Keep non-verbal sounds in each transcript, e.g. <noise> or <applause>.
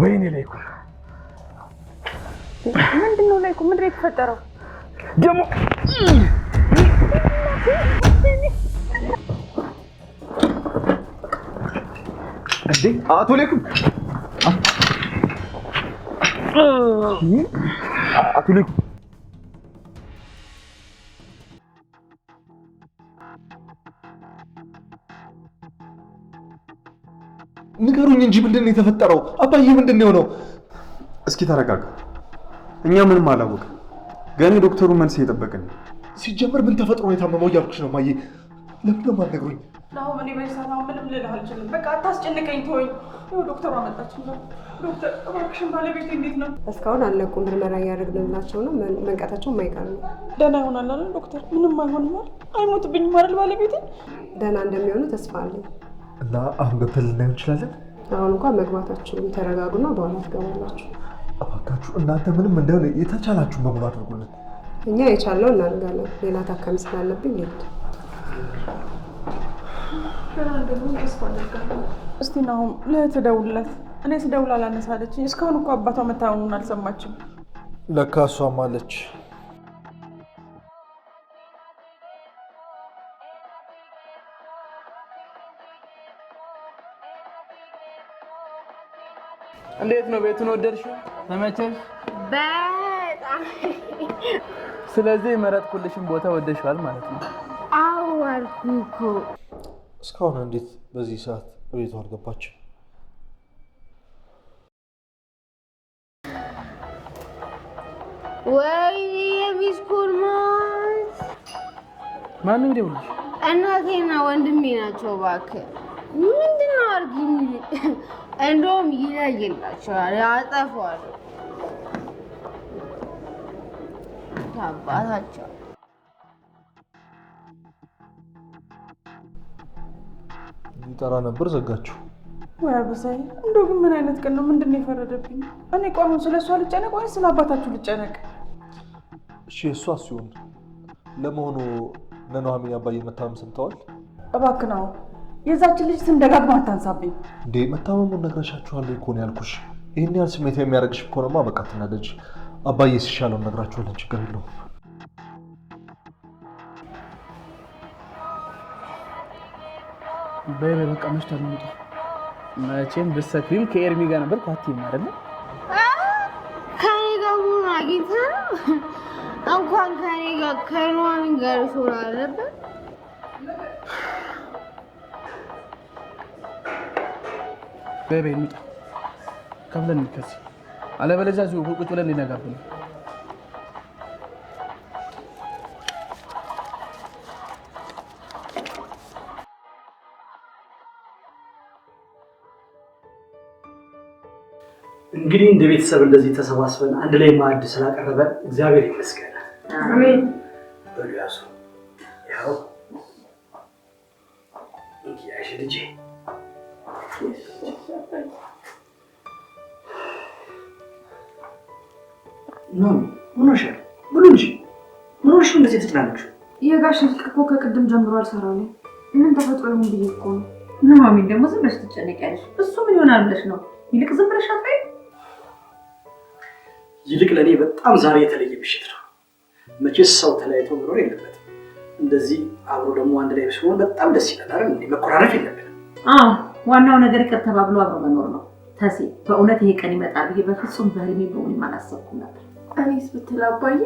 ወይኔ ላይኩ ምንድን ነው ላይኩ ምንድን ነው የተፈጠረው ደግሞ እንዴ አቶ ላይኩም አቶ ላይኩም እንጂ ምንድን ነው የተፈጠረው? አባዬ ምንድን ነው የሆነው? እስኪ ተረጋጋ። እኛ ምንም አላወቅም፣ ገኔ ዶክተሩን መልስ እየጠበቅን ሲጀምር ምን ተፈጥሮ ነው የታመመው እያልኩሽ ነው ማዬ። ለምን ነው የማትነግሩኝ? አሁን እኔ በሰራ ምንም ልልህ አልችልም። በቃ አታስጨንቀኝ፣ ተወኝ። ዶክተሩ አመጣችን ነው። ዶክተር እባክሽን፣ ባለቤት እንዴት ነው? እስካሁን አለቁ። ምርመራ እያደረግንላቸው ነው። መንቀታቸው ማይቀር ነው። ደህና ይሆናል አለ ዶክተር። ምንም አይሆንም አይደል? አይሞትብኝም አይደል? ባለቤቴ ደህና እንደሚሆኑ ተስፋ አለኝ። እና አሁን ገብተን ልናየው እንችላለን? አሁን እንኳን መግባታችሁ ተረጋጉና በኋላ ትገባላችሁ። እባካችሁ እናንተ ምንም እንዳይሆን የተቻላችሁ በሙሉ አድርጉልን። እኛ የቻለው እናደርጋለን። ሌላ ታካሚ ስላለብኝ ልሄድ። እስቲ ናሁም ለእህት ደውልላት። እኔ ስደውል አላነሳለች። እስካሁን እኮ አባቷ መታመሙን አልሰማችም። ለካ እሷም አለች እንዴት ነው ቤቱን ወደድሽው? ተመቸሽ? በጣም ስለዚህ የመረጥኩልሽን ቦታ ወደድሽዋል ማለት ነው? አው አርኩኩ እኮ። እስካሁን እንዴት በዚህ ሰዓት ቤቱ አልገባችም? ወይ የሚስኩል ማት ማን ይደውልሽ? እናቴና ወንድሜ ናቸው። እባክህ ምንድነው አርጊ እንደውም ይለይላቸዋል፣ ያጠፏል አባታቸው። ይጠራ ነበር ዘጋችሁ። ወይ አበሳዬ! እንደው ግን ምን አይነት ቀን ነው? ምንድን ነው የፈረደብኝ? እኔ ቆሙ ስለ እሷ ልጨነቅ ወይስ ስለ አባታችሁ ልጨነቅ? እሺ እሷ ሲሆን ለመሆኑ ነነዋሚን አባዬ መታመም ሰምተዋል? እባክህ ነው የዛችን ልጅ ስም ደጋግማ አታንሳብኝ እንዴ! መታመሙን ነግረሻችኋለሁ እኮ ነው ያልኩሽ። ይህን ያህል ስሜት የሚያደርግሽ ከሆነማ በቃ ትናደጅ። አባዬ ሲሻለውን ነግራችኋለን፣ ችግር የለውም። በይ በይ፣ በቃ መሽቷል። እንውጣ። መቼም ብትሰክሪም ከኤርሚ ጋር ነበር ፓርቲ አይደለ? ከኔ ጋር መሆን አግኝተህ ነው። እንኳን ከኔ ጋር ከኑሐሚን ጋር ሶራ ነበር በይ እንውጣ፣ ከፍለን እንከስ። አለበለዚያ እዚሁ ቁጭ ብለን ሊነጋብን እንግዲህ እንደ ቤተሰብ እንደዚህ ተሰባስበን አንድ ላይ ማዕድ ስላቀረበ እግዚአብሔር ይመስገን። አሜን። ያው ልጄ የጋሽ ስልክ እኮ ከቅድም ጀምሮ አልሰራም። ምን ተፈጥሮ ይሁን ብዬ እኮ ነው። ኖሚ ደግሞ ዝም ብለሽ ትጨነቂያለሽ። እሱ ምን ይሆናል ብለሽ ነው? ይልቅ ዝም ብለሽ አትበይ። ይልቅ ለእኔ በጣም ዛሬ የተለየ ምሽት ነው። መቼስ ሰው ተለያይቶ መኖር የለበትም። እንደዚህ አብሮ ደግሞ አንድ ላይ ሲሆን በጣም ደስ ይላል። አረ መኮራረፍ የለብንም። አዎ ዋናው ነገር ይቅር ተባብሎ አብሮ መኖር ነው። ተሴ በእውነት ይሄ ቀን ይመጣል ብዬ በፍጹም በህልሜ በእውኔም አላሰብኩም ነበር። እኔስ ብትል አባዬ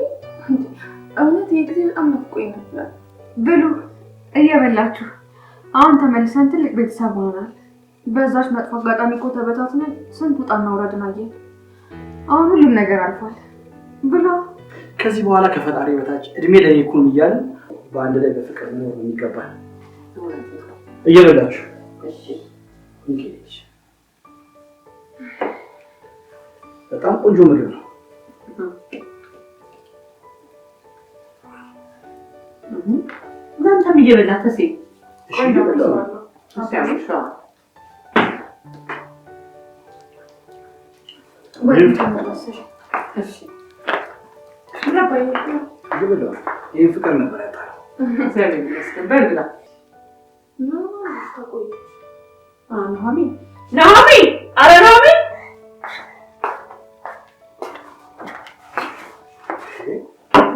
እውነት ይሄ ጊዜ በጣም ናፍቆኝ ነበር። ብሉ እየበላችሁ አሁን ተመልሰን ትልቅ ቤተሰብ ሆነናል። በዛች መጥፎ አጋጣሚ እኮ ተበታትነን ስንት ውጣና ውረድን አየን። አሁን ሁሉም ነገር አልፏል ብሎ ከዚህ በኋላ ከፈጣሪ በታች እድሜ ለእኔ ይኩን እያል በአንድ ላይ በፍቅር ኖር የሚገባል። እየበላችሁ እሺ እንግዲህ በጣም ቆንጆ ምግብ ነው። አንተም እየበላ ተሴ ይህ ፍቅር ነበር ያጣ ናሆሚ ናሆሚ፣ አረ ናሆሚ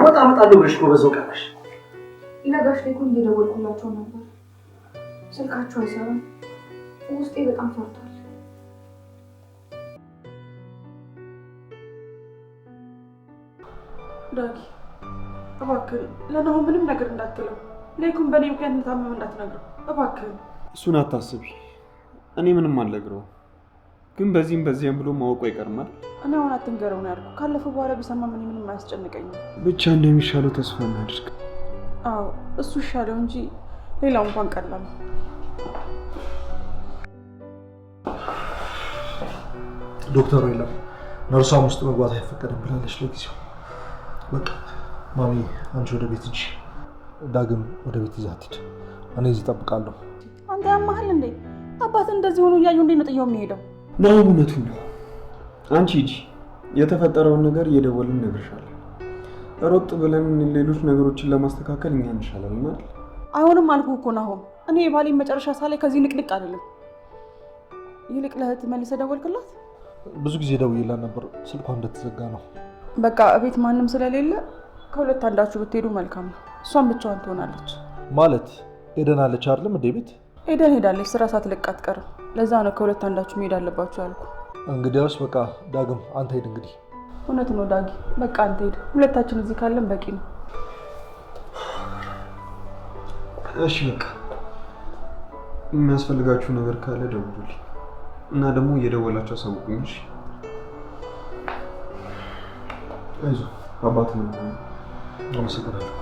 ወጣ እመጣለሁ ብለሽ ነው በዛው ቀረሽ። ለጋሽ ላይ እኮ እየደወልኩላቸው ነበር፣ ስልካቸው አይሰራም። ውስጤ በጣም ፈርቷል። ዳጊ እባክህ ለናሆም ምንም ነገር እንዳትለው፣ ለይኩን በእኔ ምክንያት እንደታመመ እንዳትነግረው እባክህ። እሱን አታስቢ እኔ ምንም አልነግረውም፣ ግን በዚህም በዚያም ብሎ ማወቁ አይቀርማል። እኔ አሁን አትንገረው ነው ያልኩ። ካለፈው በኋላ ቢሰማ ምን ምንም አያስጨንቀኝም። ብቻ እንደሚሻለው ተስፋ እናድርግ። አዎ እሱ ይሻለው እንጂ ሌላው እንኳን ቀላል ነው። ዶክተሩ የለም ነርሷም ውስጥ መግባት አይፈቀድም ብላለች ለጊዜው። በቃ ማሚ አንቺ ወደ ቤት እንጂ ዳግም ወደ ቤት ይዛትድ እኔ እዚህ እጠብቃለሁ። አንተ ያማሃል እንዴ? አባት እንደዚህ ሆኖ እያየሁ እንዴት ነው ጥየው የሚሄደው? ናሆም ነው። አንቺ ሂጂ፣ የተፈጠረውን ነገር እየደወልን እነግርሻለሁ። ሮጥ ብለን ሌሎች ነገሮችን ለማስተካከል እኛ እንሻላለን አይደል? አይሆንም አልኩህ እኮ ናሆም። እኔ የባሌን መጨረሻ ሳላይ ከዚህ ንቅንቅ አይደለም። ይልቅ ለእህት መልሰህ ደወልክላት? ብዙ ጊዜ ደውዬላት ነበር፣ ስልኳ እንደተዘጋ ነው። በቃ እቤት ማንም ስለሌለ ከሁለት አንዳችሁ ብትሄዱ መልካም ነው። እሷን ብቻዋን ትሆናለች ማለት ሄደናለች አይደለም እንዴ ቤት ኤደን ሄዳለች፣ ስራ ሳትለቅ አትቀርም። ለዛ ነው ከሁለት አንዳችሁ መሄድ አለባችሁ ያልኩ። እንግዲያውስ በቃ ዳግም አንተ ሄድ። እንግዲህ እውነት ነው ዳጊ፣ በቃ አንተ ሄድ። ሁለታችን እዚህ ካለን በቂ ነው። እሺ በቃ የሚያስፈልጋችሁ ነገር ካለ ደውሉልኝ እና ደግሞ እየደወላችሁ አሳውቁኝ። እሺ አይዞህ አባት ነው። አመሰግናለሁ።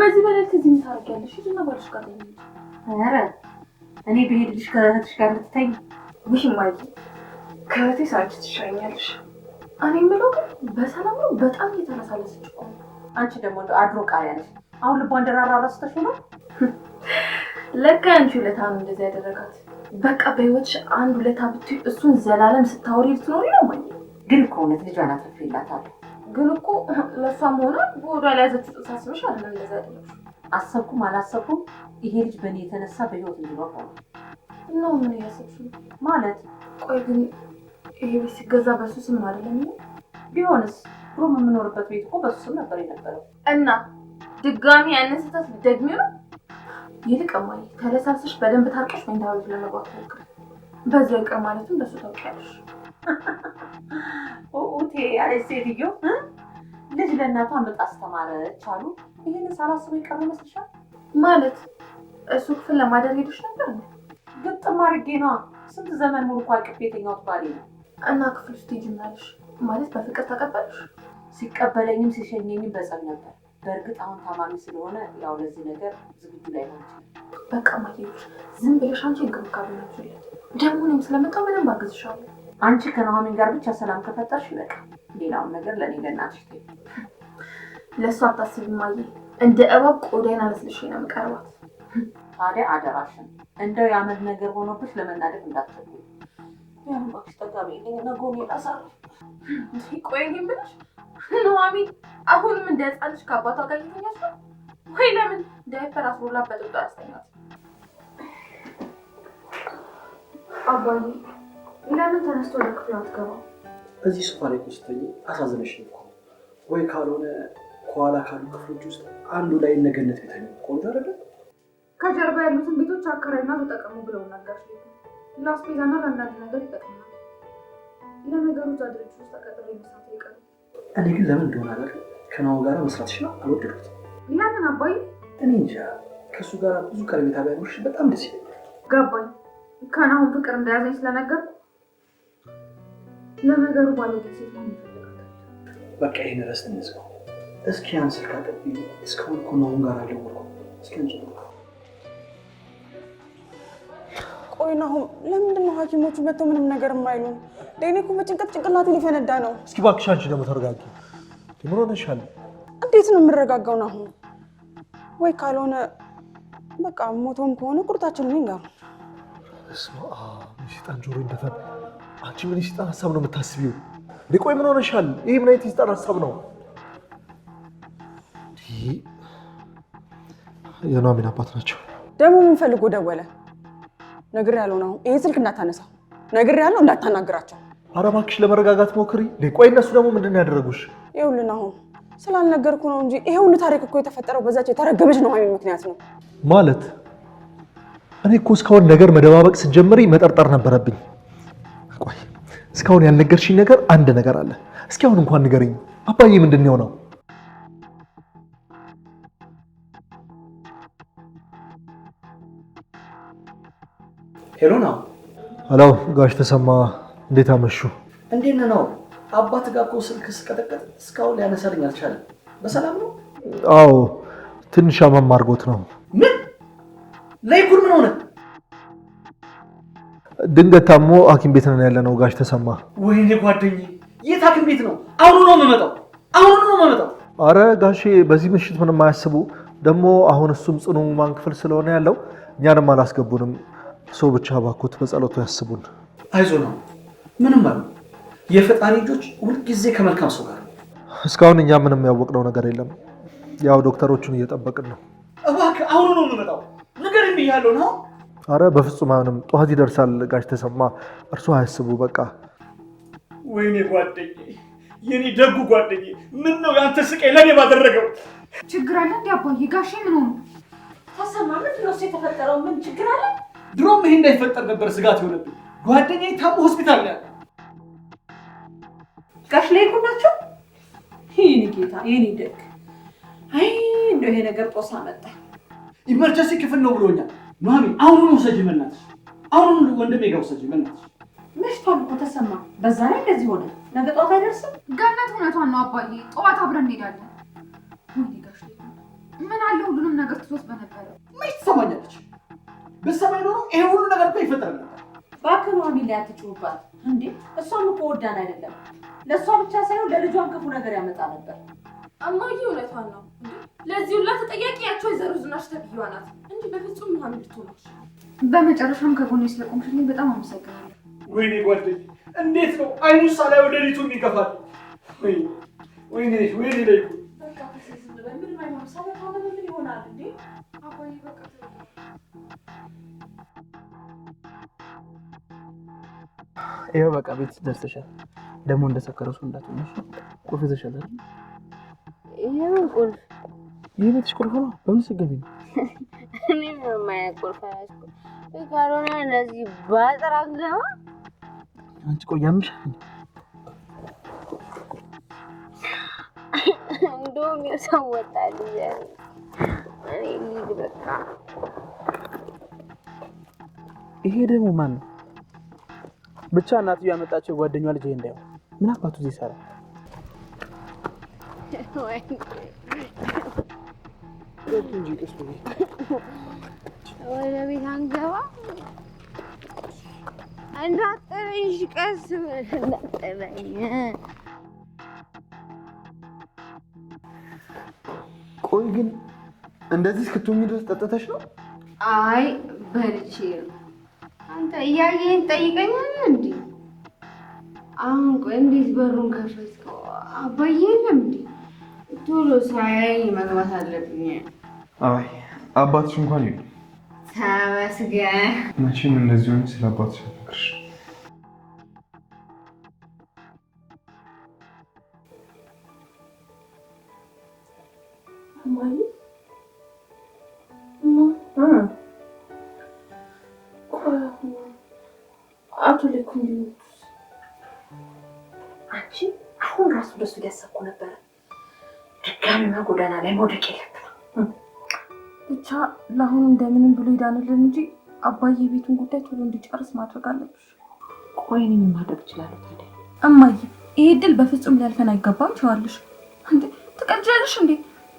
በዚህ በላይ ከዚህ ታደርጊያለሽ? እና ባልሽ ጋር ኧረ እኔ ብሄድልሽ ከእህትሽ ጋር ልትተኝ ይህ ማየ ከእህቴ ሳንቺ ትሻኛለሽ። እኔ የምለው ግን በሰላም ነው። በጣም እየተመሳለሰች እኮ አንቺ ደግሞ እንደው አድሮ ቃሪያለሽ። አሁን ልቧን ደራራ ረስተሽ ነው። ለካ አንቺ ውለታ ነው እንደዚህ ያደረጋት። በቃ በህይወትሽ አንድ ውለታ ብትይ እሱን ዘላለም ስታወሪ ልትኖሪ ነው። ማየ ግን ከእውነት ልጇን አትርፌላታለሁ ግን እኮ ለእሷም ሆነ በወዷ ላይ ጥጥ ሳስበሽ አለ እንደዛ አሰብኩም አላሰብኩም ይሄ ልጅ በእኔ የተነሳ በህይወት እንዲኖር ሆነ ነው። ምን እያሰብሽ ማለት? ቆይ ግን ይሄ ቤት ሲገዛ በሱ ስም አይደለም? ቢሆንስ ብሩም የምኖርበት ቤት እኮ በሱ ስም ነበር የነበረው። እና ድጋሚ ያንን ስህተት ደግሜ ነው። ይልቅ እማዬ ተለሳስሽ በደንብ ታርቀሽ መኝታ ቤት ለመግባት ሞክሪ። በዚያ ይቅር ማለትም በሱ ታውቂያለሽ። ኡቴ <laughs> ያለች ሴትዮ ልጅ ለእናቷ ምጥ አስተማረች አሉ። ይህን ሳላስበው የቀረ ይመስልሻል? ማለት እሱ ክፍል ለማደር ሄዶች ነበር ነው? ግጥም አድርጌ ነዋ። ስንት ዘመን ሙሉ እኮ አቅፍ የተኛሁት ባሌ ነው። እና ክፍል ውስጥ ይጅናለሽ ማለት በፍቅር ተቀበልሽ? ሲቀበለኝም ሲሸኘኝም በጸብ ነበር። በእርግጥ አሁን ታማሚ ስለሆነ ያው ለዚህ ነገር ዝግጁ ላይ ነው። በቃ ማየች ዝም ብለሽ አንቺ እንክብካቤ ናችለት። ደግሞ እኔም ስለመጣሁ በደንብ አግዝሻለሁ። አንቺ ከኑሐሚን ጋር ብቻ ሰላም ከፈጠርሽ ይበቃ። ሌላውን ነገር ለእኔ ለእናትሽ ት ለእሱ አታስቢ ማየ። እንደ እባብ ቆዳዬን አለስልሽ ነው የምቀርባት። ታዲያ አደራሽን እንደው የአመድ ነገር ሆኖብሽ ለመናደድ እንዳትቸኩ። ያንባክሽ ጠጋቢ ልኝና ጎሜ ላሳር ቆይ ብለሽ ኑሐሚን አሁንም እንደ ህፃን ከአባቷ ጋር ይተኛች ወይ ለምን ዳይፐር አስሮላበት ወጣ ያስተኛል አባዬ ለምን ተነስቶ ወደ ክፍል አትገባው? እዚህ ሶፋ ላይ ቁስተኝ አሳዝነሽ እኮ ወይ ካልሆነ ከኋላ ካሉ ክፍሎች ውስጥ አንዱ ላይ ነገነት ቤተኛ ቆንጆ አይደለ? ከጀርባ ያሉትን ቤቶች አከራይና ተጠቀሙ ብለው ነገር ለአስቤዛና ለአንዳንድ ነገር ይጠቅማል። ለነገሩ ጃድሬች ውስጥ ተቀጥሮ መስራት ይቀር። እኔ ግን ለምን እንደሆነ አላውቅም ከናው ጋር መስራትሽን አልወደድኩትም። ለምን አባይ? እኔ እንጃ ከእሱ ጋር ብዙ ቀረቤታ ቢያኖርሽ በጣም ደስ ይለኛል። ገባኝ። ከናሁን ፍቅር እንደያዘኝ ስለነገርኩ ለነገሩ ባለጌ ሴት ሆን ይፈልጋታል። በቃ ይህን ረስት እንዝገው። እስኪ ያን ስልክ አጠቢ እስካሁን እኮ ናሁን ጋር አልደወልኩ። እስኪ አንጭ ቆይ ናሁም፣ ለምንድን ነው ሐኪሞቹ መጥተው ምንም ነገር የማይሉ? ለእኔ እኮ በጭንቀት ጭንቅላቱ ሊፈነዳ ነው። እስኪ እባክሽ አንቺ ደግሞ ተረጋጊ። ምን ሆነሻል? እንዴት ነው የምረጋጋው ናሁም? ወይ ካልሆነ በቃ ሞቶም ከሆነ ቁርታችን ምን ጋር ስማ፣ ሴጣን ጆሮ እንደፈን አንቺ ምን የሰይጣን ሀሳብ ነው የምታስቢው? ቆይ ምን ሆነሻል? ይህ ምን አይነት የሰይጣን ሀሳብ ነው? የኑሐሚን አባት ናቸው። ደግሞ ምን ፈልጎ ደወለ? ነግሬያለሁ ነው ይሄ ስልክ እንዳታነሳው ነግሬያለሁ፣ እንዳታናግራቸው። ኧረ እባክሽ ለመረጋጋት ሞክሪ። ቆይ እነሱ ደግሞ ምንድን ነው ያደረጉሽ? ይኸውልህ አሁን ስላልነገርኩ ነው እንጂ ይሄ ሁሉ ታሪክ እኮ የተፈጠረው በዛች የተረገመች ኑሐሚን ምክንያት ነው ማለት። እኔ እኮ እስካሁን ነገር መደባበቅ ስትጀምሪ መጠርጠር ነበረብኝ። እስካሁን ያልነገርሽኝ ነገር አንድ ነገር አለ። እስኪ አሁን እንኳን ንገርኝ አባዬ፣ ምንድን ነው? ሄሎ ነው። ሄሎ ጋሽ ተሰማ፣ እንዴት አመሹ? እንዴት ነው? አባት ጋር እኮ ስልክ ስቀጠቀጥ እስካሁን ሊያነሳልኝ አልቻለም። በሰላም ነው? አዎ፣ ትንሽ አመም አድርጎት ነው። ምን ለይኩን ምን ሆነ? ድንገት ታሞ ሐኪም ቤት ነን ያለ ነው ጋሽ ተሰማ። ወይኔ ጓደኛዬ፣ የት ሐኪም ቤት ነው? አሁኑ ነው የምመጣው፣ አሁኑ ነው የምመጣው። አረ ጋሼ፣ በዚህ ምሽት ምንም አያስቡ። ደግሞ አሁን እሱም ጽኑ ማን ክፍል ስለሆነ ያለው እኛንም አላስገቡንም። ሰው ብቻ ባኮት በጸሎቱ ያስቡን። አይዞ ነው ምንም አሉ። የፈጣሪ ልጆች ሁልጊዜ ከመልካም ሰው ጋር። እስካሁን እኛ ምንም ያወቅነው ነገር የለም። ያው ዶክተሮቹን እየጠበቅን ነው። እባክህ አሁኑ ነው የምመጣው፣ ንገረኝ ብያለሁ ነው አረ በፍጹም አይሆንም፣ ጠዋት ይደርሳል ጋሽ ተሰማ። እርሱ አያስቡ በቃ። ወይኔ ጓደኝ፣ የኔ ደጉ ጓደኝ፣ ምን ነው የአንተ ስቃይ ለኔ ባደረገው ችግር አለ እንዲ አባዬ። ጋሼ ምን ሆኑ? ተሰማ ምን ነው የተፈጠረው ምን ችግር አለ? ድሮም ይሄ እንዳይፈጠር ነበር ስጋት የሆነብኝ። ጓደኛ ታሞ ሆስፒታል ያለ ጋሽ ላይ ናቸው። ይህን ጌታ ይህኔ ደግ። አይ እንደ ይሄ ነገር ጦሳ መጣ። ኢመርጀንሲ ክፍል ነው ብሎኛል ማሚ አሁኑ ነው ሰጂ በእናትሽ፣ አሁኑ ወንድሜ ጋር ሰጂ በእናትሽ። መሽቷል እኮ ተሰማ። በዛ ላይ እንደዚህ ሆነ። ነገ ጠዋት አይደርስም። ገነት እውነቷን ነው አባዬ። ጠዋት አብረን እንሄዳለን። ጋሽ ምን አለ ሁሉንም ነገር ትቶት በነበረ መች ትሰማኛለች። በሰማይ ኖሮ ይሄ ሁሉ ነገር እኮ ይፈጠር ነበር። እባክህ ማሚ ላይ አትጩህባት እንዴ። እሷም እኮ ወዳን አይደለም። ለእሷ ብቻ ሳይሆን ለልጇን ክፉ ነገር ያመጣ ነበር። እማዬ እውነቷን ነው። ለዚህ ሁላ ተጠያቂ ያቸው የዘሩ ዝናሽ ተብዬዋ ናት። እንጂ በፍጹም ውሃ ምልትሆች። በመጨረሻም ከጎኔ ስለቆምሽልኝ በጣም አመሰግናለሁ። ወይኔ ጓደኝ፣ እንዴት ነው አይኑ ሳላይ ወደ ሊቱ ይከፋል። ወይኔ ወይኔ ላይ ይኸው በቃ ቤት ደርሰሻል። ደግሞ እንደሰከረሱ እንዳትሆነሽ ቁልፍ ይዘሻል። ይኸው ቁልፍ፣ ይህ ቤትሽ ቁልፍ ነው። በምን ስትገቢ ነው የማያውቅ ቁልፍ አያዝኩም። ካልሆነ እንደዚህ ባጥር አገባ። አንቺ ቆያምሽ እንደውም የሰው ወጣል። በቃ ይሄ ደግሞ ማን ነው? ብቻ እናትዬ ያመጣቸው ጓደኛ ልጅ ይሄ ምን አባቱ እዚህ ይሰራል? ወደ ቤት አንገባ እንዳጠረኝ ቀስ ብለሽ እንዳጠረኝ። ቆይ ግን እንደዚህ እስክትሆኚ ድረስ ጠጥተሽ ነው? አይ በልቼ ነው። አንተ እያየህን ትጠይቀኛለህ እንዴ? አሁን ቆይ እንዴት በሩን ከፈትከው? አባዬ የለም እንዴ? ቶሎ ሳያይ መግባት አለብኝ። አይ አባትሽ እንኳን ይሉ ተመስገን። መቼም እንደዚህ ሆኜ ስለ አባትሽ አልነግርሽ። አቶ ልኩ አንቺ አሁን ራሱ እንደሱ እያሰብኩ ነበረ። ድጋሚማ ጎዳና ላይ መውደቅ የለብንም። ብቻ ለአሁን እንደምንም ብሎ ይዳንልን እንጂ አባዬ የቤቱን ጉዳይ ቶሎ እንዲጨርስ ማድረግ አለብሽ። ቆይ እኔ ምን ማድረግ እችላለሁ ታዲያ? እማዬ ይሄ ድል በፍጹም ሊያልፈን አይገባም። ችዋለሽ እንዴ ትቀጃለሽ እንዴ?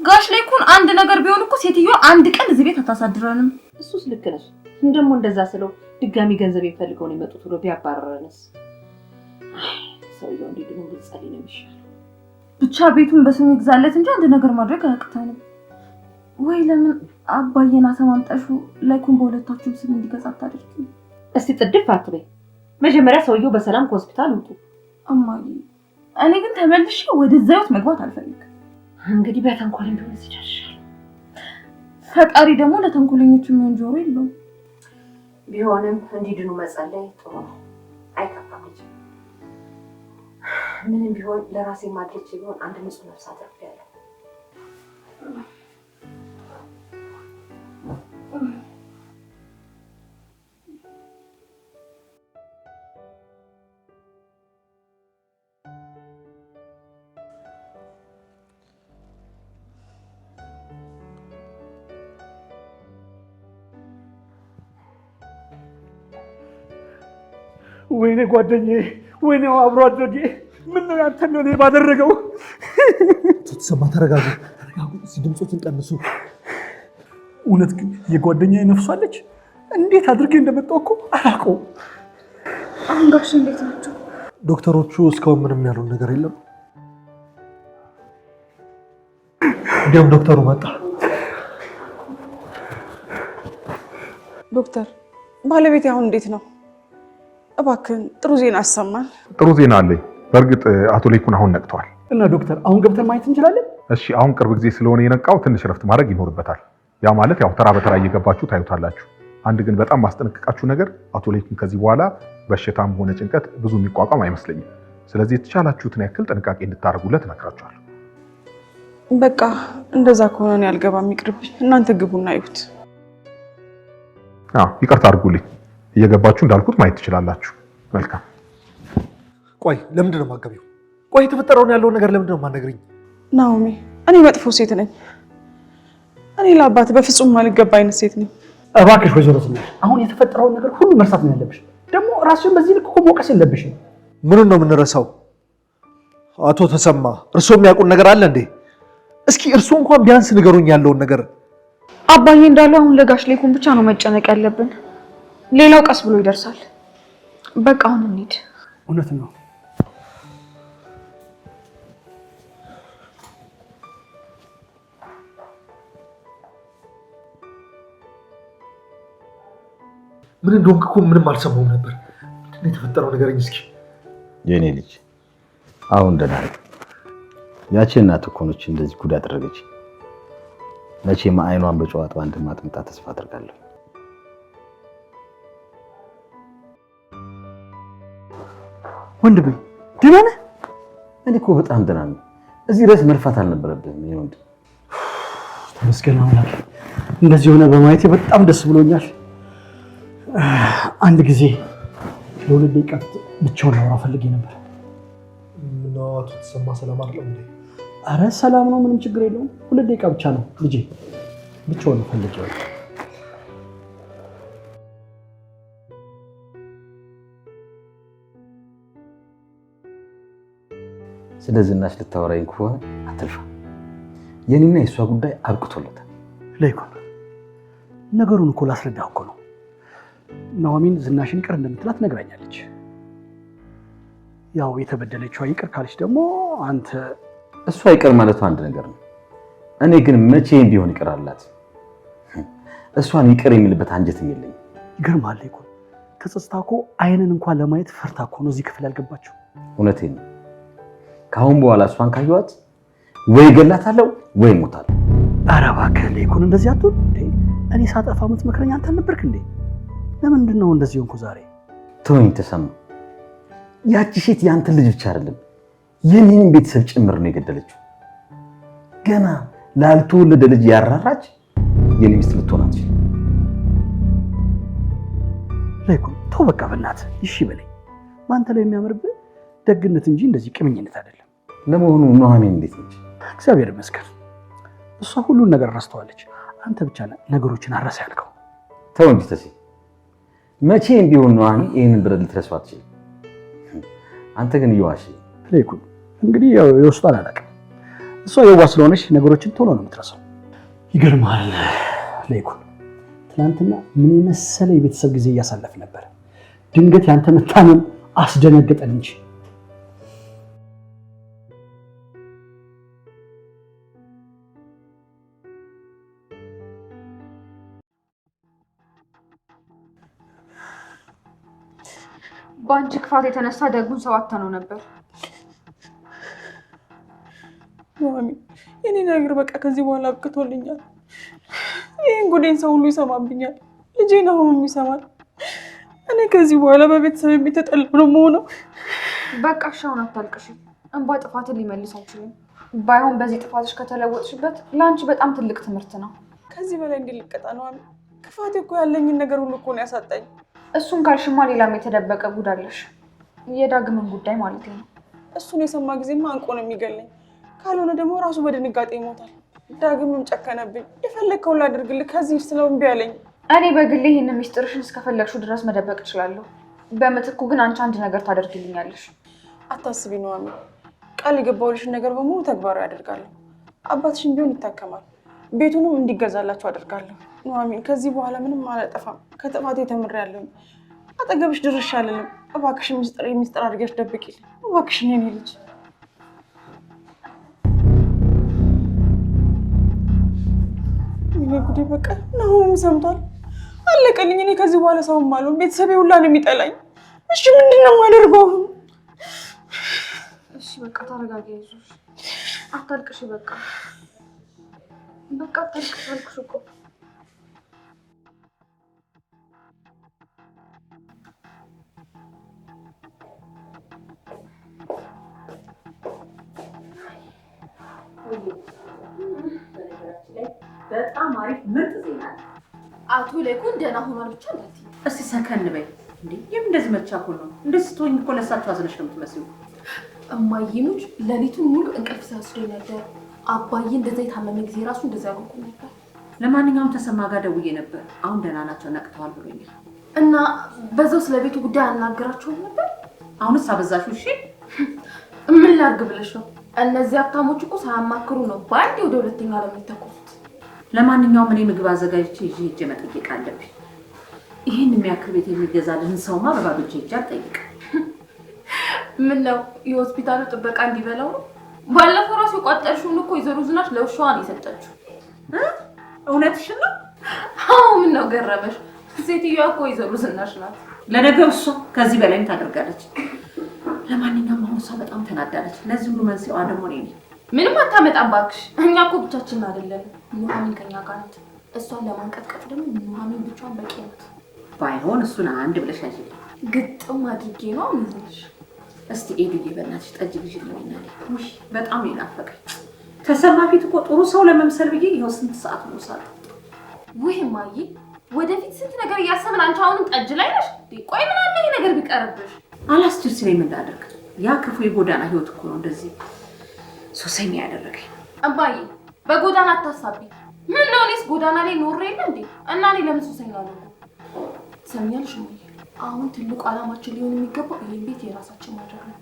ጋሽ ላይ እኮ አንድ ነገር ቢሆን እኮ ሴትዮ አንድ ቀን እዚህ ቤት አታሳድረንም። እሱስ ልክ ነሽ። እንደሞ እንደዛ ስለው ድጋሚ ገንዘብ የሚፈልገው ነው የመጡት ብሎ ቢያባረረንስ? ሰውየው እንዲህ ደግሞ ብትጸልይ ነው የሚሻለው። ብቻ ቤቱን በስሜ ግዛለት እንጂ አንድ ነገር ማድረግ አያቅተንም ወይ ለምን አባዬን አሰማምጠሹ ላይኩን በሁለታችሁም ስም እንዲገዛ አታደርጊ። እስቲ ጥድፍ አትበይ። መጀመሪያ ሰውየው በሰላም ከሆስፒታል ውጡ። እማዬ፣ እኔ ግን ተመልሼ ወደዛ ህይወት መግባት አልፈልግም። እንግዲህ በተንኮል ቢሆን ይደርሻል። ፈጣሪ ደግሞ ለተንኮለኞቹ የሚሆን ጆሮ የለውም። ቢሆንም እንዲድኑ መጸለይ ጥሩ ነው። አይከፋም። ምንም ቢሆን ለራሴ ማድረግ ቢሆን አንድ ንጹህ ነፍስ አትርፌያለሁ። ወይኔ ጓደኛዬ፣ ወይኔ አብሮ አደጌ፣ ምን ነው ያንተ ነው እኔ ባደረገው። ተሰማ፣ ተረጋጉ፣ ተረጋጉ። እዚህ ድምፆትን ቀንሱ። እውነት ግን የጓደኛዬ ነፍሷ አለች። እንዴት አድርጌ እንደመጣሁ እኮ አላውቀውም። አሁን ጋሽ እንዴት ናቸው ዶክተሮቹ? እስካሁን ምንም ያሉን ነገር የለም። እንዲያውም ዶክተሩ መጣ። ዶክተር፣ ባለቤት አሁን እንዴት ነው? እባክህን ጥሩ ዜና አሰማን። ጥሩ ዜና አለኝ። በእርግጥ አቶ ሌኩን አሁን ነቅተዋል እና ዶክተር አሁን ገብተን ማየት እንችላለን? እሺ፣ አሁን ቅርብ ጊዜ ስለሆነ የነቃው ትንሽ ረፍት ማድረግ ይኖርበታል። ያ ማለት ያው ተራ በተራ እየገባችሁ ታዩታላችሁ። አንድ ግን በጣም ማስጠንቀቃችሁ ነገር አቶ ሌኩን ከዚህ በኋላ በሽታም ሆነ ጭንቀት ብዙ የሚቋቋም አይመስለኝም። ስለዚህ የተቻላችሁትን ያክል ጥንቃቄ እንድታደርጉለት እነግራችኋለሁ። በቃ እንደዛ ከሆነ እኔ አልገባም፣ ይቅርብኝ። እናንተ ግቡና ይሁት። ይቅርታ አድርጉልኝ። እየገባችሁ እንዳልኩት ማየት ትችላላችሁ። መልካም። ቆይ ለምንድን ነው የማገቢው? ቆይ የተፈጠረውን ያለውን ነገር ለምንድን ነው የማትነግሪኝ? ናኦሚ፣ እኔ መጥፎ ሴት ነኝ። እኔ ለአባት በፍጹም ማልገባ አይነት ሴት ነኝ። እባክሽ ወይዘሮ ስናሽ፣ አሁን የተፈጠረውን ነገር ሁሉ መርሳት ነው ያለብሽ። ደግሞ ራስሽን በዚህ ልክ መውቀስ የለብሽም። ምኑን ነው የምንረሳው? አቶ ተሰማ፣ እርሶ የሚያውቁን ነገር አለ እንዴ? እስኪ እርሱ እንኳን ቢያንስ ንገሩኝ ያለውን ነገር። አባዬ እንዳለው አሁን ለጋሽ ሌኩን ብቻ ነው መጨነቅ ያለብን። ሌላው ቀስ ብሎ ይደርሳል። በቃ አሁን እንሂድ። እውነት ነው። ምን እንደሆንክ እኮ ምንም አልሰማሁም ነበር። ምንድን ነው የተፈጠረው? ንገረኝ እስኪ። የእኔ ልጅ አሁን ደህና ነኝ። ያቺ እናት እኮ ነች እንደዚህ ጉድ አደረገች። መቼም አይኗን በጨዋታ አንድም ተስፋ አድርጋለሁ ወንድም ደህና ነህ? እኔ እኮ በጣም ደህና ነኝ። እዚህ ድረስ መልፋት አልነበረብህም። ይሄ ተመስገን አምላክ፣ እንደዚህ ሆነ በማየቴ በጣም ደስ ብሎኛል። አንድ ጊዜ ለሁለት ደቂቃ ብቻውን ላወራ ፈልጌ ነበር። ምናቱ ተሰማ ሰላም አይደለም እንዴ? አረ ሰላም ነው፣ ምንም ችግር የለውም። ሁለት ደቂቃ ብቻ ነው ልጄ፣ ብቻውን ፈልጌ ስለ ዝናሽ ልታወራኝ ከሆነ አትልፋ። የኔና የእሷ ጉዳይ አብቅቶለታል። ለይኩን ነገሩን እኮ ላስረዳ እኮ ነው። ኑሐሚን ዝናሽን ይቅር እንደምትላት ነግራኛለች። ያው የተበደለችዋ ይቅር ካለች ደግሞ አንተ እሷ ይቅር ማለቷ አንድ ነገር ነው። እኔ ግን መቼም ቢሆን ይቅር አላት። እሷን ይቅር የሚልበት አንጀትም የለኝም። ይገርማል። ተጸጽታ እኮ አይንን እንኳን ለማየት ፈርታ እኮ ነው እዚህ ክፍል ያልገባቸው። እውነቴን ነው። ከአሁን በኋላ እሷን ካየኋት ወይ ገላታለሁ ወይ ሞታለሁ። ኧረ እባክህ ሌኩን እንደዚህ አትሁን። እኔ ሳጠፋ የምትመክረኝ አንተ ነበርክ እንዴ? ለምንድን ነው እንደዚህ ሆንኩ ዛሬ? ተወኝ ተሰማ። ያቺ ሴት የአንተን ልጅ ብቻ አይደለም የኔንም ቤተሰብ ጭምር ነው የገደለችው። ገና ላልተወለደ ልጅ ያራራች የኔ ሚስት ልትሆን አትችልም። ሌኩን ተው በቃ በእናትህ እሺ በለኝ። በአንተ ላይ የሚያምርብህ ደግነት እንጂ እንደዚህ ቅምኝነት አይደለም። ለመሆኑ ኑሐሚን እንዴት ነች? እግዚአብሔር ይመስገን። እሷ ሁሉን ነገር ረስተዋለች። አንተ ብቻ ነገሮችን አረሰ ያልከው። ተው እንጂ ተሴ፣ መቼም ቢሆን ኑሐሚን ይህንን ብረት ልትረሳው አትችልም። አንተ ግን እየዋሽ ሌኩ። እንግዲህ የውስጡ አላላቅም። እሷ የዋ ስለሆነች ነገሮችን ቶሎ ነው የምትረሳው። ይገርማል ሌኩ። ትናንትና ምን የመሰለ የቤተሰብ ጊዜ እያሳለፍ ነበር። ድንገት ያንተ መታመም አስደነገጠን እንጂ በአንቺ ክፋት የተነሳ ደጉን ሰው አተነው ነበር። ኑሐሚ የኔ ነገር በቃ ከዚህ በኋላ አብቅቶልኛል። ይህን ጉዴን ሰው ሁሉ ይሰማብኛል። ልጄን አሁንም ይሰማል። እኔ ከዚህ በኋላ በቤተሰብ የሚተጠላው ነው መሆነው። በቃ ሻውን አታልቅሽ። እንባ ጥፋትን ሊመልስ አይችልም። ባይሆን በዚህ ጥፋትሽ ከተለወጥሽበት ለአንቺ በጣም ትልቅ ትምህርት ነው። ከዚህ በላይ እንዲልቀጣ ነው። ክፋት እኮ ያለኝን ነገር ሁሉ እኮ ነው ያሳጣኝ። እሱን ካልሽማ ሌላም የተደበቀ ጉዳለሽ። የዳግምን ጉዳይ ማለት ነው። እሱን የሰማ ጊዜማ አንቆ ነው የሚገለኝ። ካልሆነ ደግሞ ራሱ በድንጋጤ ይሞታል። ዳግምም ጨከነብኝ። የፈለግከውን ላድርግልህ ከዚህ ስለው እምቢ አለኝ። እኔ በግሌ ይህንን ሚስጥርሽን እስከፈለግሹ ድረስ መደበቅ እችላለሁ። በምትኩ ግን አንቺ አንድ ነገር ታደርግልኛለሽ። አታስቢ ነዋሚ፣ ቃል የገባሁልሽን ነገር በሙሉ ተግባራዊ አደርጋለሁ። አባትሽን ቢሆን ይታከማል፣ ቤቱንም እንዲገዛላቸው አደርጋለሁ። ኑሐሚን፣ ከዚህ በኋላ ምንም አላጠፋም። ከጥፋቴ ተምሬያለሁ። አጠገብሽ ድርሻ አልልም። እባክሽን ምስጢር የሚስጥር አድርገሽ ደብቂልኝ እባክሽን የኔ ልጅ። ጉዴ በቃ ናሆም ሰምቷል። አለቀልኝ። እኔ ከዚህ በኋላ ሰውም አልሆን። ቤተሰቤ ሁላ ነው የሚጠላኝ። እሺ ምንድን ነው የማደርገው? እሺ በቃ ተረጋጊ፣ አታልቅሽ። በቃ በቃ አታልቅሽ፣ አልኩሽ እኮ በጣም አሪፍ ምርጥ ዜና ነው። አቶ ላይኩን ደህና ሆኗል ብቻ እንዳት እስቲ ሰከን በይ እንዴ! የምን እንደዚህ መቻኮል ነው? እንደዚህ ስትሆኝ እኮ ለሳቸው አዝነሽ ነው የምትመስሉ። እማዬኖች ሌሊቱን ሙሉ እንቅልፍ ሳያስደኝ ነበር። አባዬ እንደዛ የታመመ ጊዜ ራሱ እንደዛ ያልኩ ነበር። ለማንኛውም ተሰማ ጋር ደውዬ ነበር። አሁን ደህና ናቸው፣ ነቅተዋል ብሎኛል። እና በዛው ስለ ቤቱ ጉዳይ አናገራቸውም ነበር። አሁንስ አበዛሹ። እሺ ምን ላድርግ ብለሽ ነው እነዚህ ሀብታሞች እኮ ሳያማክሩ ነው በአንድ ወደ ሁለተኛ ዓለም የሚተኮሱት። ለማንኛውም እኔ ምግብ አዘጋጅቼ ይዤ ሄጄ መጠየቅ አለብኝ። ይህን የሚያክል ቤት የሚገዛልህን ሰውማ በባዶ እጄ ሄጄ አልጠይቅም። <laughs> ምን ነው የሆስፒታሉ ጥበቃ እንዲበላው ነው? ባለፈው ራሱ የቋጠርሽውን እኮ የዘሩ ዝናሽ ለውሻዋ ነው የሰጠችው። እውነትሽን ነው? አዎ። ምን ነው ገረመሽ? ሴትዮዋ እኮ የዘሩ ዝናሽ ናት። ለነገሩ እሷ ከዚህ በላይም ታደርጋለች። ለማንኛውም እሷ በጣም ተናዳለች። ለዚህ ሁሉ መንስኤዋ ደግሞ እኔ ነኝ። ምንም አታመጣም እባክሽ። እኛ እኮ ብቻችን አይደለም። ኑሐሚን ከኛ ጋር ናት። እሷን ለማንቀጥቀጥ ደግሞ ኑሐሚን ብቻዋን በቂ ናት። ባይሆን እሱን አንድ ብለሽ አይ፣ ግጥም አድርጌ ነው ምንሽ። እስቲ ኤዱዬ በእናትሽ ጠጅ ልጅ ለሚና በጣም ይናፈቀኝ። ተሰማ ፊት እኮ ጥሩ ሰው ለመምሰል ብዬ ይኸው ስንት ሰዓት ነው ሳለ ውህ ማይ ወደፊት ስንት ነገር እያሰብን አንቺ አሁንም ጠጅ ላይ ነሽ። ቆይ ምናለ ይሄ ነገር ቢቀርብሽ አላስችል ስለ ምን ላደርግ ያ ክፉ የጎዳና ህይወት እኮ ነው እንደዚህ ሱሰኛ ያደረገኝ። አባዬ በጎዳና አታሳቢ። ምን ነው እኔስ ጎዳና ላይ ኖሬ የለ እንዴ? እና እኔ ለምን ሱሰኛ አለ ሰሚያልሽ? አሁን ትልቁ አላማችን ሊሆን የሚገባው ይህን ቤት የራሳችን ማድረግ ነው።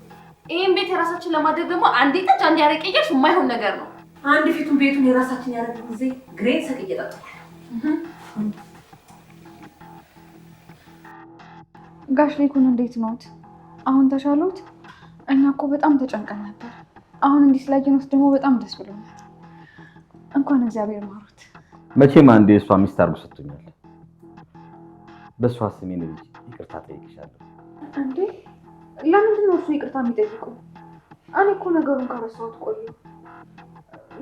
ይህን ቤት የራሳችን ለማድረግ ደግሞ አንዴ ጠጅ አንዴ ያረቄ እያልሽ የማይሆን ነገር ነው። አንድ ፊቱን ቤቱን የራሳችን ያደረግ ጊዜ ግሬን ሰቅ እየጠጣሁ ጋሽ ሌኩን እንዴት ነዎት? አሁን ተሻሎት? እና እኮ በጣም ተጨንቀን ነበር። አሁን እንዲህ ስላየን ውስጥ ደግሞ በጣም ደስ ብሎኛል። እንኳን እግዚአብሔር ማሩት። መቼም አንዴ እሷ ሚስት አድርጎ ሰጥቶኛል። በእሷ ስሜን ልጅ ይቅርታ ጠይቅሻለሁ። እንዴ ለምንድን ነው እሱ ይቅርታ የሚጠይቀው? እኔ እኮ ነገሩን ከረሳሁት ቆዩ።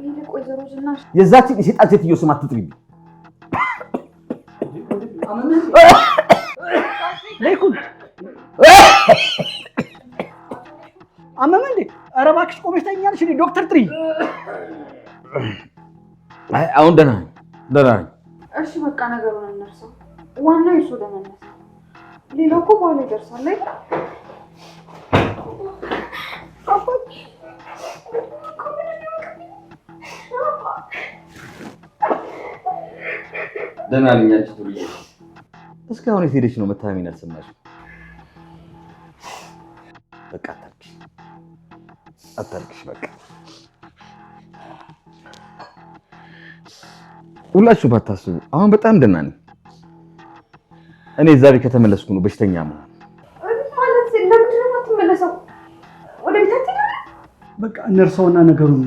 ይልቅ ወይዘሮ ዝናሽ የዛችን የሴጣን ሴትዮ ስም አትጥሪብኝ። ለይኩን ኧረ እባክሽ ቆመሽ ተኛለሽ። ዶክተር ጥሪ። አሁን ደህና ነኝ፣ ደህና ነኝ። እሺ በቃ ነገሩን እንርሳው። ዋናው የእሱ ደህንነት፣ ሌላው እኮ በኋላ ይደርሳል። ደህና ነኝ። አንቺ ዱርዬ፣ እስካሁን የት ሄደች ነው? መታመሜን አልሰማሽም። በቃ አታልቅሽ። በቃ ሁላችሁ ባታስቡ። አሁን በጣም ደህና ነኝ እኔ። ዛሬ ከተመለስኩ ነው በሽተኛ ማለት በቃ እነርሰውና ነገሩን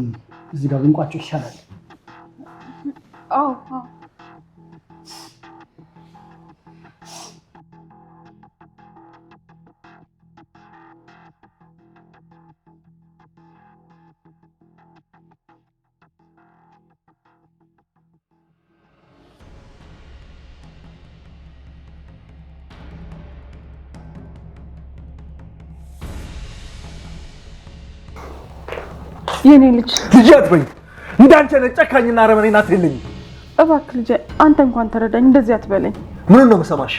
እዚህ ጋር ብንቋቸው ይሻላል። የኔ ልጅ ልጅ አትበኝ። እንዳንቺ ነጭ ጨካኝና አረመኔ ናት የለኝ። እባክህ ልጄ አንተ እንኳን ተረዳኝ፣ እንደዚህ አትበለኝ። ምን ነው መሰማሽ?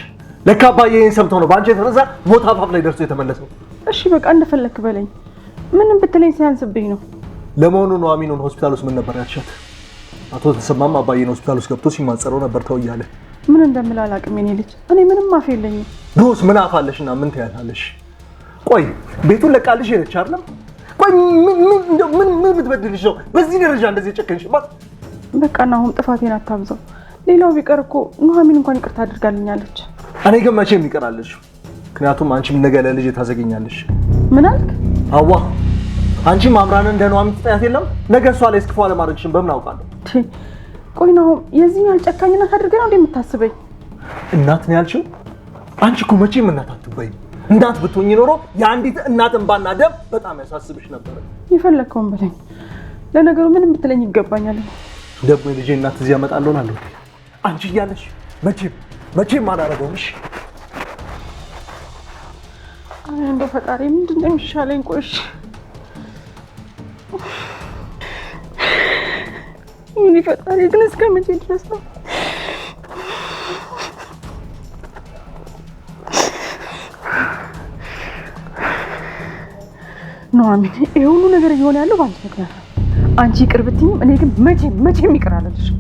ለካ አባዬ ይሄን ሰምተው ነው በአንቺ የተነሳ ሞት አፋፍ ላይ ደርሶ የተመለሰው። እሺ በቃ እንደፈለክ በለኝ፣ ምንም ብትለኝ ሲያንስብኝ ነው። ለመሆኑ ኑሐሚንን ሆስፒታል ውስጥ ምን ነበር ያልሻት? አቶ ተሰማም አባዬን ሆስፒታል ውስጥ ገብቶ ሲማጸረው ነበር ተው እያለ ምን እንደምል አላውቅም። የኔ ልጅ እኔ ምንም አፍ የለኝም። ድሮስ ምን አፋለሽና ምን ትያታለሽ? ቆይ ቤቱን ለቃልሽ ሄደች አይደለም ምን ምን ምትበድልሽ ነው በዚህ ደረጃ እንደዚህ በቃ ና አሁን ጥፋቴን አታብዛው። ሌላው ቢቀር እኮ ኑሐሚን እንኳን ይቅርታ አድርጋልኛለች። እኔ ግን መቼም ይቀራለች። ምክንያቱም አንቺም ነገ ለልጅ ታዘገኛለሽ። ምን አልክ? አዋ አንቺም አምራን እንደ ኑሐሚን ትጠያት የለም ነገ እሷ ላይ በምን አውቃለሁ? ቆይ ነው የዚህን ያህል ጨካኝነት እናት ነው ያልሽው? አንቺ እኮ መቼም እናት እናት ብትሆኝ ኖሮ የአንዲት እናት እንባና ደም በጣም ያሳስብሽ ነበር። የፈለግከውን በለኝ። ለነገሩ ምንም ብትለኝ ይገባኛል። ደግሞ የልጄ እናት እዚህ ያመጣለሆን አለ አንቺ እያለሽ መቼም መቼም አላረገውሽ። እንደ ፈጣሪ ምንድን ነው የሚሻለኝ? ቆይሽ ምን ፈጣሪ ግን እስከ መቼ ድረስ ነው ኑሐሚን፣ ይሄ ሁሉ ነገር እየሆነ ያለው በአንቺ ምክንያት። አንቺ ይቅር ብትይኝም እኔ ግን መቼም መቼም ይቅር አልልሽም።